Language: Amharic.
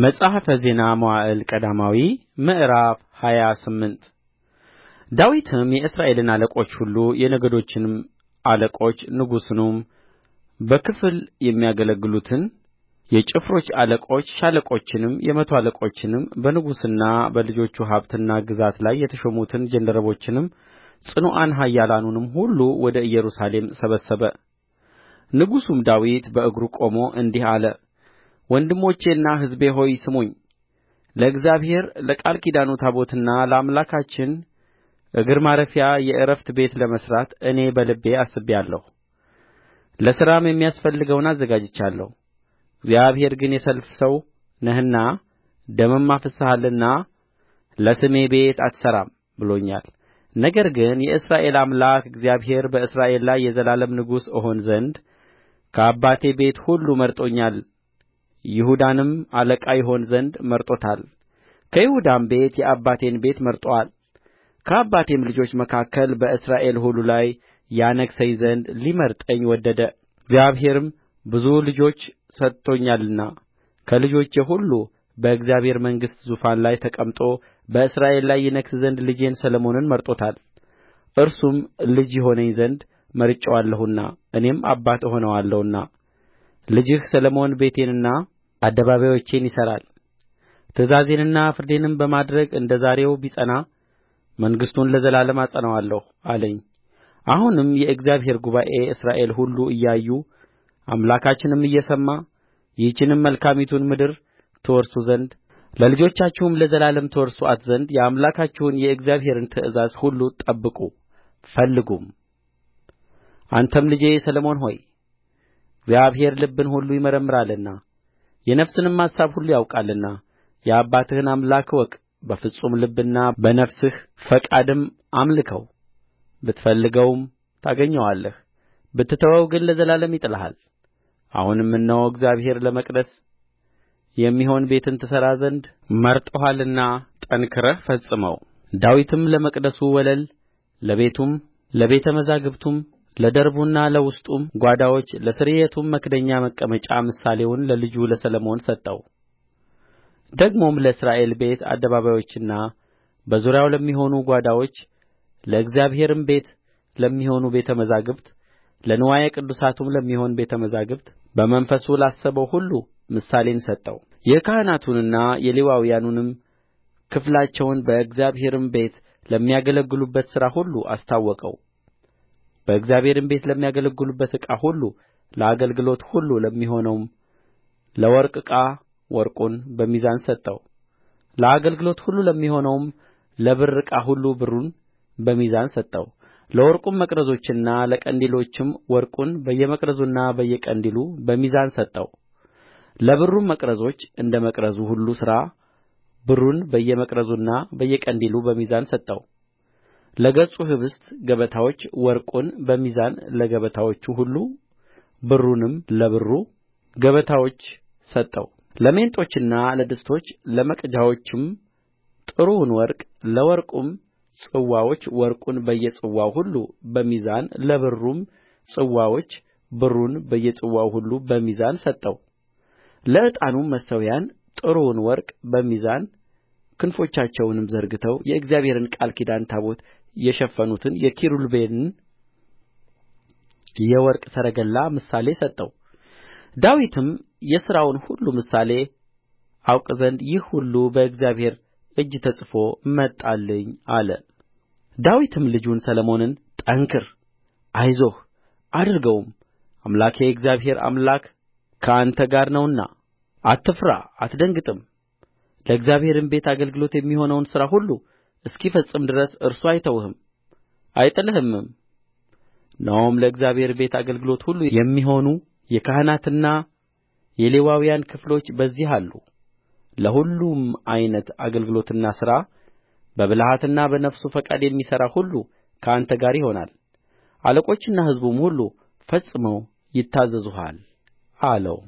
መጽሐፈ ዜና መዋዕል ቀዳማዊ ምዕራፍ ሃያ ስምንት ዳዊትም የእስራኤልን አለቆች ሁሉ የነገዶችንም አለቆች ንጉሡንም በክፍል የሚያገለግሉትን የጭፍሮች አለቆች ሻለቆችንም የመቶ አለቆችንም በንጉሡና በልጆቹ ሀብትና ግዛት ላይ የተሾሙትን ጃንደረቦችንም ጽኑዓን ኃያላኑንም ሁሉ ወደ ኢየሩሳሌም ሰበሰበ ንጉሡም ዳዊት በእግሩ ቆሞ እንዲህ አለ ወንድሞቼና ሕዝቤ ሆይ ስሙኝ ለእግዚአብሔር ለቃል ኪዳኑ ታቦትና ለአምላካችን እግር ማረፊያ የዕረፍት ቤት ለመሥራት እኔ በልቤ አስቤአለሁ ለሥራም የሚያስፈልገውን አዘጋጅቻለሁ እግዚአብሔር ግን የሰልፍ ሰው ነህና ደምም አፍስሰሃልና ለስሜ ቤት አትሠራም ብሎኛል ነገር ግን የእስራኤል አምላክ እግዚአብሔር በእስራኤል ላይ የዘላለም ንጉሥ እሆን ዘንድ ከአባቴ ቤት ሁሉ መርጦኛል ይሁዳንም አለቃ ይሆን ዘንድ መርጦታል ከይሁዳም ቤት የአባቴን ቤት መርጦአል ከአባቴም ልጆች መካከል በእስራኤል ሁሉ ላይ ያነግሠኝ ዘንድ ሊመርጠኝ ወደደ እግዚአብሔርም ብዙ ልጆች ሰጥቶኛልና ከልጆቼ ሁሉ በእግዚአብሔር መንግሥት ዙፋን ላይ ተቀምጦ በእስራኤል ላይ ይነግሥ ዘንድ ልጄን ሰሎሞንን መርጦታል እርሱም ልጅ ይሆነኝ ዘንድ መርጬዋለሁና እኔም አባት እሆነዋለሁና ልጅህ ሰሎሞን ቤቴንና አደባባዮቼን ይሠራል ትእዛዜንና ፍርዴንም በማድረግ እንደ ዛሬው ቢጸና መንግሥቱን ለዘላለም አጸናዋለሁ አለኝ አሁንም የእግዚአብሔር ጉባኤ እስራኤል ሁሉ እያዩ አምላካችንም እየሰማ ይህችንም መልካሚቱን ምድር ትወርሱ ዘንድ ለልጆቻችሁም ለዘላለም ትወርሱአት ዘንድ የአምላካችሁን የእግዚአብሔርን ትእዛዝ ሁሉ ጠብቁ ፈልጉም አንተም ልጄ ሰሎሞን ሆይ እግዚአብሔር ልብን ሁሉ ይመረምራልና የነፍስንም አሳብ ሁሉ ያውቃልና የአባትህን አምላክ እወቅ በፍጹም ልብና በነፍስህ ፈቃድም አምልከው ብትፈልገውም ታገኘዋለህ ብትተወው ግን ለዘላለም ይጥልሃል አሁንም እነሆ እግዚአብሔር ለመቅደስ የሚሆን ቤትን ትሠራ ዘንድ መርጦሃልና ጠንክረህ ፈጽመው ዳዊትም ለመቅደሱ ወለል ለቤቱም ለቤተ መዛግብቱም ለደርቡና ለውስጡም ጓዳዎች ለስርየቱም መክደኛ መቀመጫ ምሳሌውን ለልጁ ለሰሎሞን ሰጠው ደግሞም ለእስራኤል ቤት አደባባዮችና በዙሪያው ለሚሆኑ ጓዳዎች ለእግዚአብሔርም ቤት ለሚሆኑ ቤተ መዛግብት ለንዋየ ቅድሳቱም ለሚሆን ቤተ መዛግብት በመንፈሱ ላሰበው ሁሉ ምሳሌን ሰጠው የካህናቱንና የሌዋውያኑንም ክፍላቸውን በእግዚአብሔርም ቤት ለሚያገለግሉበት ሥራ ሁሉ አስታወቀው በእግዚአብሔርም ቤት ለሚያገለግሉበት ዕቃ ሁሉ ለአገልግሎት ሁሉ ለሚሆነውም ለወርቅ ዕቃ ወርቁን በሚዛን ሰጠው ለአገልግሎት ሁሉ ለሚሆነውም ለብር ዕቃ ሁሉ ብሩን በሚዛን ሰጠው ለወርቁም መቅረዞችና ለቀንዲሎችም ወርቁን በየመቅረዙና በየቀንዲሉ በሚዛን ሰጠው ለብሩም መቅረዞች እንደ መቅረዙ ሁሉ ሥራ ብሩን በየመቅረዙና በየቀንዲሉ በሚዛን ሰጠው ለገጹ ኅብስት ገበታዎች ወርቁን በሚዛን ለገበታዎቹ ሁሉ ብሩንም ለብሩ ገበታዎች ሰጠው ለሜንጦቹና ለድስቶቹ ለመቅጃዎቹም ጥሩውን ወርቅ ለወርቁም ጽዋዎች ወርቁን በየጽዋው ሁሉ በሚዛን ለብሩም ጽዋዎች ብሩን በየጽዋው ሁሉ በሚዛን ሰጠው ለዕጣኑም መሠዊያ ጥሩውን ወርቅ በሚዛን ክንፎቻቸውንም ዘርግተው የእግዚአብሔርን ቃል ኪዳን ታቦት የሸፈኑትን የኪሩቤልን የወርቅ ሰረገላ ምሳሌ ሰጠው ዳዊትም የሥራውን ሁሉ ምሳሌ አውቅ ዘንድ ይህ ሁሉ በእግዚአብሔር እጅ ተጽፎ መጣልኝ አለ ዳዊትም ልጁን ሰሎሞንን ጠንክር አይዞህ አድርገውም አምላኬ እግዚአብሔር አምላክ ከአንተ ጋር ነውና አትፍራ አትደንግጥም ለእግዚአብሔርም ቤት አገልግሎት የሚሆነውን ሥራ ሁሉ እስኪፈጽም ድረስ እርሱ አይተውህም አይጥልህምም እነሆም ለእግዚአብሔር ቤት አገልግሎት ሁሉ የሚሆኑ የካህናትና የሌዋውያን ክፍሎች በዚህ አሉ ለሁሉም ዓይነት አገልግሎትና ሥራ በብልሃትና በነፍሱ ፈቃድ የሚሠራ ሁሉ ከአንተ ጋር ይሆናል አለቆችና ሕዝቡም ሁሉ ፈጽመው ይታዘዙሃል አለው